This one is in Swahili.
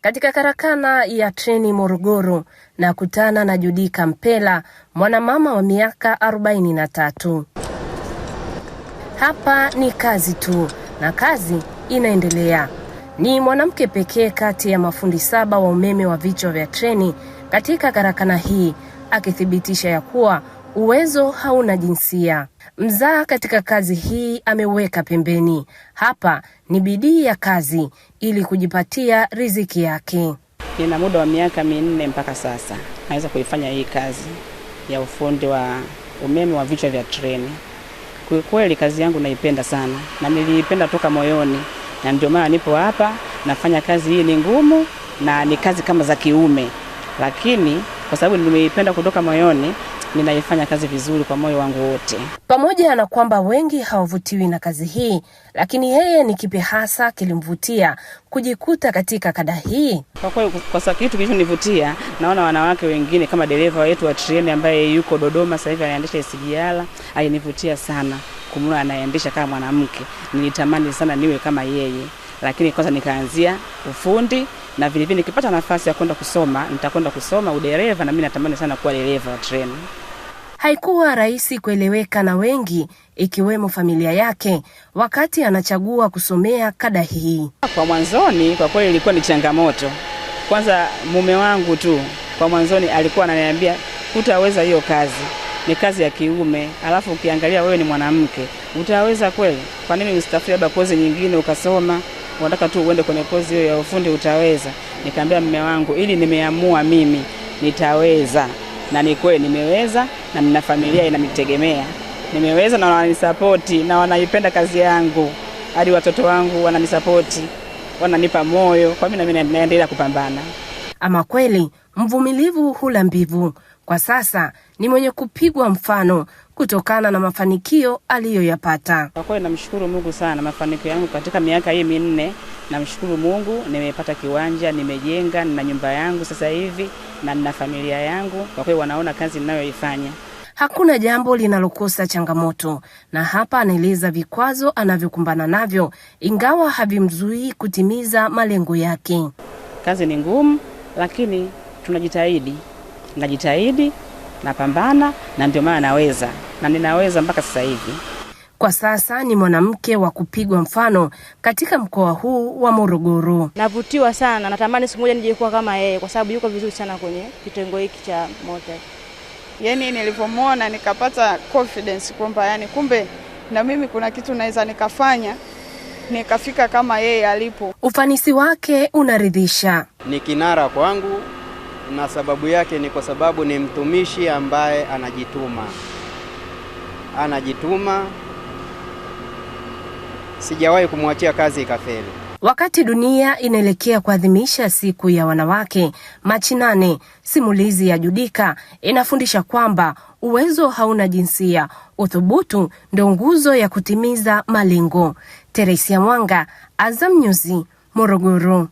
Katika karakana ya treni Morogoro na kutana na Judika Mpela, mwanamama wa miaka 43. Hapa ni kazi tu na kazi inaendelea. Ni mwanamke pekee kati ya mafundi saba wa umeme wa vichwa vya treni katika karakana hii, akithibitisha ya kuwa uwezo hauna jinsia. Mzaa katika kazi hii ameweka pembeni, hapa ni bidii ya kazi ili kujipatia riziki yake. Nina muda wa miaka minne mpaka sasa naweza kuifanya hii kazi ya ufundi wa umeme wa vichwa vya treni. Kwa kweli kazi yangu naipenda sana na niliipenda toka moyoni, na ndio maana nipo hapa nafanya kazi hii. Ni ngumu na ni kazi kama za kiume, lakini kwa sababu nimeipenda kutoka moyoni ninaifanya kazi vizuri kwa moyo wangu wote. Pamoja na kwamba wengi hawavutiwi na kazi hii, lakini yeye ni kipi hasa kilimvutia kujikuta katika kada hii? Kwa kweli, kwa sababu kitu kilichonivutia, naona wanawake wengine kama dereva wetu wa treni ambaye yuko Dodoma sasa hivi anaendesha SGR, alinivutia sana kumuona anaendesha kama mwanamke. Nilitamani sana niwe kama yeye, lakini kwanza nikaanzia ufundi na vilevile nikipata nafasi ya kwenda kusoma nitakwenda kusoma udereva, na mimi natamani sana kuwa dereva wa treni haikuwa rahisi kueleweka na wengi ikiwemo familia yake wakati anachagua kusomea kada hii. Kwa mwanzoni, kwa kweli ilikuwa ni changamoto. Kwanza mume wangu tu kwa mwanzoni alikuwa ananiambia hutaweza hiyo kazi, ni kazi ya kiume, alafu ukiangalia wewe ni mwanamke, utaweza kweli? Kwa nini usitafute labda kozi nyingine ukasoma? Unataka tu uende kwenye kozi hiyo ya ufundi, utaweza? Nikamwambia mume wangu, ili nimeamua mimi nitaweza na ni kweli nimeweza, na nina familia inanitegemea. Nimeweza na wananisapoti na wanaipenda kazi yangu, hadi watoto wangu wananisapoti, wananipa moyo, kwa mimi nami naendelea kupambana. Ama kweli mvumilivu hula mbivu. Kwa sasa ni mwenye kupigwa mfano kutokana na mafanikio aliyoyapata. Kwa kweli namshukuru Mungu sana, mafanikio yangu katika miaka hii minne Namshukuru Mungu, nimepata kiwanja, nimejenga, nina nyumba yangu sasa hivi na nina familia yangu. Kwa kweli wanaona kazi ninayoifanya. Hakuna jambo linalokosa changamoto, na hapa anaeleza vikwazo anavyokumbana navyo, ingawa havimzuii kutimiza malengo yake. Kazi ni ngumu, lakini tunajitahidi, najitahidi, napambana, na ndio maana naweza na ninaweza mpaka sasa hivi. Kwa sasa ni mwanamke wa kupigwa mfano katika mkoa huu wa Morogoro. Navutiwa sana, natamani siku moja kuwa kama yeye, kwa sababu yuko vizuri sana kwenye kitengo hiki cha moto. Yani nilivyomwona nikapata confidence kwamba yani kumbe na mimi kuna kitu naweza nikafanya nikafika kama yeye alipo. Ufanisi wake unaridhisha. Ni kinara kwangu, na sababu yake ni kwa sababu ni mtumishi ambaye anajituma, anajituma sijawahi kumwachia kazi ikafeli. Wakati dunia inaelekea kuadhimisha siku ya wanawake Machi nane, simulizi ya Judika inafundisha kwamba uwezo hauna jinsia, uthubutu ndo nguzo ya kutimiza malengo. Teresia Mwanga, Azam News, Morogoro.